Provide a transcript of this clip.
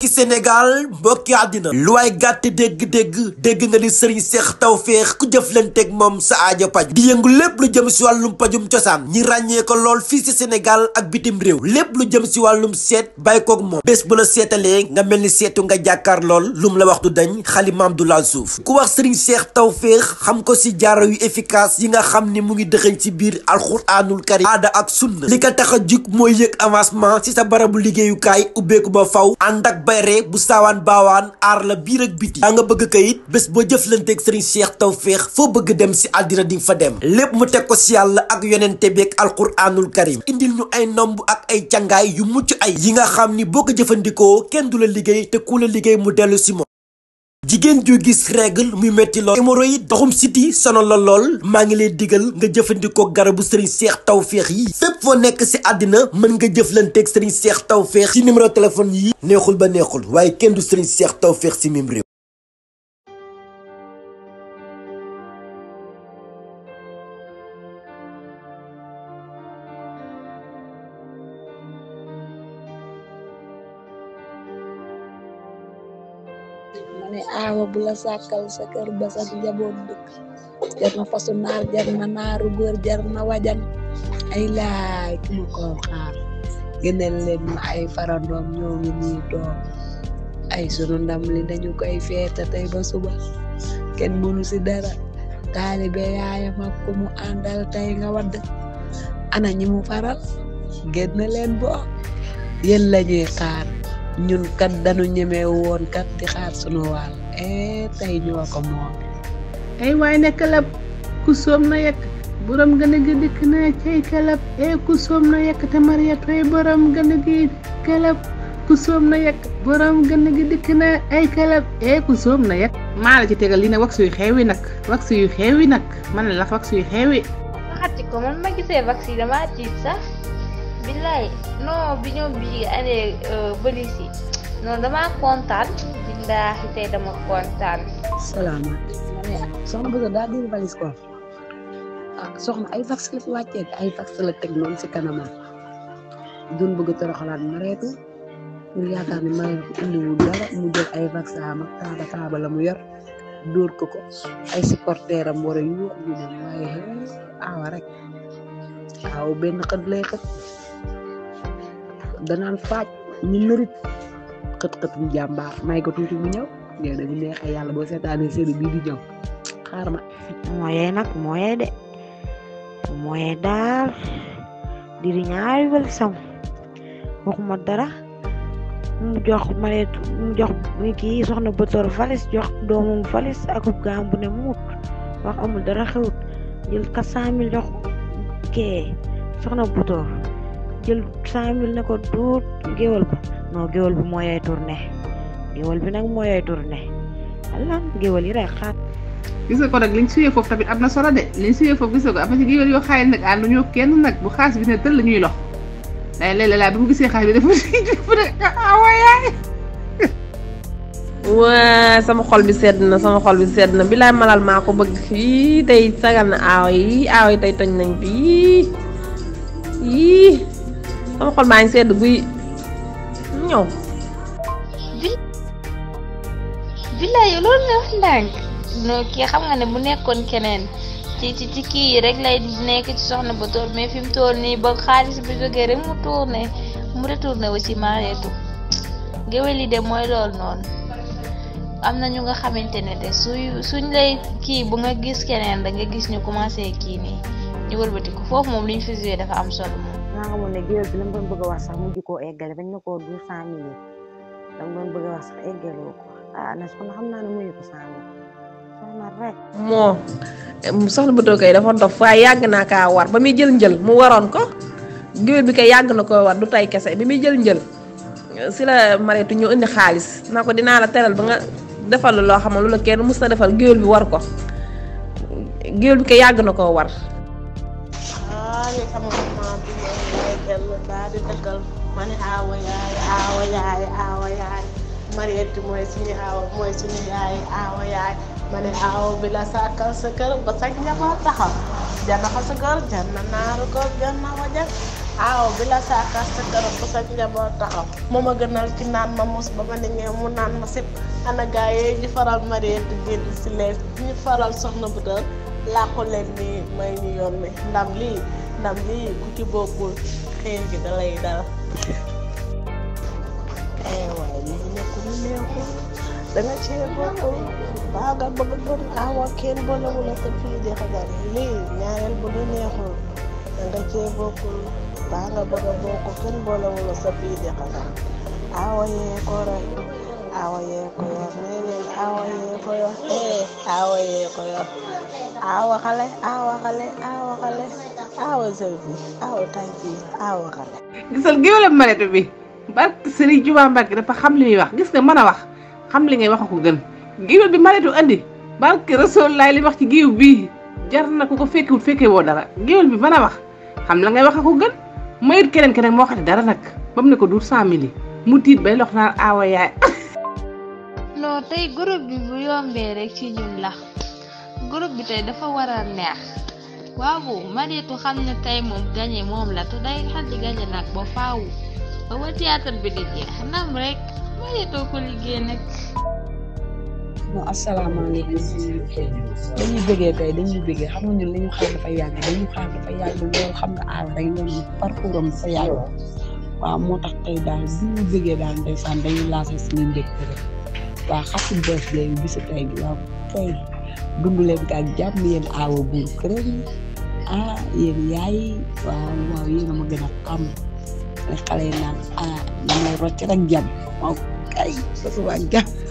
ki Sénégal mbokki àddina lu waay gàtt dégg-dégg dégg nga ni sëriñ seex tawféex ku jëflanteeg moom sa aajo paj di yëngu lépp lu jëm si wàllum pajum cosaan ñi ràññee lool fii ci Sénégal ak bitim réew lépp lu jëm si wàllum seet bàyyi koog moom bés bu la seetalee nga mel ni seetu nga jàkkaar lool lu la waxtu du dañ xalimaam du laal suuf ku wax sëriñ seex tawféex xam ko si jaaro yu efficace yi nga xam ni mu ngi dëxëñ ci biir alxuraanul karim aada ak sunna li ko tax a jug mooy yëg avancement si sa barabu liggéeyukaay ubbeeku ba faw ànd bayre bu saawaan baawaan aar la biir ak biti daa nga bëgg kayit bés boo jëflanteeg sëriñ Cheikh Tawféex foo bëgg dem si àddina di nga fa dem lépp mu teg ko si yàlla ak yonente beeg alquraanul karim indil ñu ay ndomb ak ay càngaay yu mucc ay yi nga xam ni boo ko jëfandikoo kenn du la liggéey te ku la liggéey mu dellu si moom jigéen ju gis règle muy métti lool hémorroïde doxum siti sonal la lool maa ngi leen digal nga jëfandikoo garabu Serigne Cheikh Tawfekh yi fépp foo nekk si àddina mën nga jëflanteeg Serigne Cheikh Tawfekh si numéro téléphone yi neexul ba neexul waaye kenn du Serigne Cheikh Tawfekh si mim réew ma ne aawa bu sàkkal sa kër ba sa dëkk jar fasu naar jar na naaru góor jar na wajan ay laay tuma koo xaar gënal leen ay farandoom ñoo ngi nii doom ay sunu ndam li dañu koy feeta tey ba suba kenn mënu si dara taalibe yaayam ak ku mu àndal tey nga wadd ana ñi faral génn leen boo yéen la ñuy xaar ñun kat dañu ñeme woon kat di xaar sunu waal e tey ñoo ko moom ay waay na yekk a gi dikk na eh, ku soom na yekk te gën a gi kalab ku soom na yekk borom gën a gi dikk na ay kalab e eh, ku soom na yekk maa la ci tegal li ne wax yu xeewi nag wax yu xeewi nag man la wax wax yu xeewi waxati ko man ma gisee wax dama tiit sax billaay non bi ñoom bii année euh, bëlis yi non tey dama kontaan. salaamaaleykum soxna Bousso daa diri valise quoi soxna ay vax la fi wàccee ay vax la teg noonu si kanamam doon bëgg toroxalaat mareetu pour yaakaar ne mareetu indiwul dara mu jël ay vax am taaba taaba la mu yor dóor ko ko ay supporter am yuux ñu ne waaye aawa rek aaw benn xët lay xët danaan faaj ñu nërit xët-xët bu may ko tuuti bu ñëw léegi bu neexee yàlla boo seetaanee série di ñëw xaar nag mooyee de mooyee daal di di ñaari wël dara jox maleetu mu jox kii soxna Bator Falis jox doomam Falis akub gaam bu ne muut wax amul dara xewut jël 400 000 jox kee soxna Bator. jël cent mille ne ko duut géwal ba non géwal bi moo yay tournée géwal bi nag mooy yay tournée yi rek xaar. ko nag liñ am na solo de liñ suyee foofu gis nga ko am na ci yoo xaayal nag ànd ñoo kenn nag bu xaas bi ne tëll ñuy lox day léeg-léeg bi mu gisee xaas bi dafa dafa ne awaayaay. waa sama xol bi sedd na sama xol bi sedd na bilaay malal maa ko bëgg fii tey sagal na aaw yi aaw yi tey toj nañ fii sama maa ngi sedd ñëw. bi billaay xam nga ne bu nekkoon keneen ci kii yi rek lay nekk ci ba tool mais fi mu tool nii ba xaalis bi jógee rek mu tourné mu retourné aussi maareetu géwél yi de mooy loolu noonu am na ñu nga xamante ne de suñ lay kii bu nga gis keneen danga gis ñu commencé kii nii ñu wëlbatiku foofu moom li ñu dafa am solo moom. xanaa ne géwél bi mu doon sax koo eggale bañ na koo deux ko ah xam naa ne bu too kay dafa dof waaye yàgg naa kaa war ba muy jël njël mu waroon ko géwél bi kay yàgg na koo war du tay kese bi muy jël njël si la mareetu ñu indi xaalis naa ko dinaa la teral ba nga defal loo xam ne lu la kenn mus na defal géwél bi war ko géwél bi kay yàgg na koo war daal di tëggal ma ne aawa yaay aawa yaay aawa yaay Mariette mooy suñu aawa mooy suñu yaay aawa yaay ma ne aawa bi la sàkkal sa kër ba sa njaboot taxaw janna ko sa kër janna naaru kër janna wajal aawa bi la sàkkal sa kër ba sa njaboot taxaw moo ma gënal ci naan ma mus ba ma ne ngee mu naan ma sip ana gaa yee ñu faral Mariette génn si lees ñu faral soxna bu dër làqu leen ni may ñu yoon mi ndam lii ndam lii ku ci bokkul xeex gi da lay dal eh, waaye lii nekk lu neexul da nga cee baa nga bëgg doon ko fii di xabar di xabar aawa yee rek aawa yee ko aawa yee ko eh, aawa xale aawa xale aawa xale awa Sylvie awa Tanki awa xale. gisal géwélam bi barke Serigne Touba dafa xam li muy wax gis nga mën a wax xam li ngay wax ko gën géwél bi Marietou andi barke Rasulullah li wax ci géew bi jar na ku ko fekkewut fekke woo dara géwél bi mën a wax xam la ngay wax ko gën mayit keneen keneen moo xam ne dara nag ba mu ne ko duur cent mille mu tiit bay lox naan awa yaay. non tey groupe bi bu yombee rek ci ñun la groupe bi tey dafa war a neex. waaw moom la te day xaddi gañe nag ba faaw li xam am moo tax tey daal bu ñu bëggee daal ndeysaan dañuy lancé suñu mbégte rek waaw xasu bees day bisu tey bi waaw tey dund leen ko jàmm yéen aawa bu kër ah yéen yaay waaw waaw yéen a ma gën a ah damay rocc rek jàmm waaw kay sosuwaa jàmm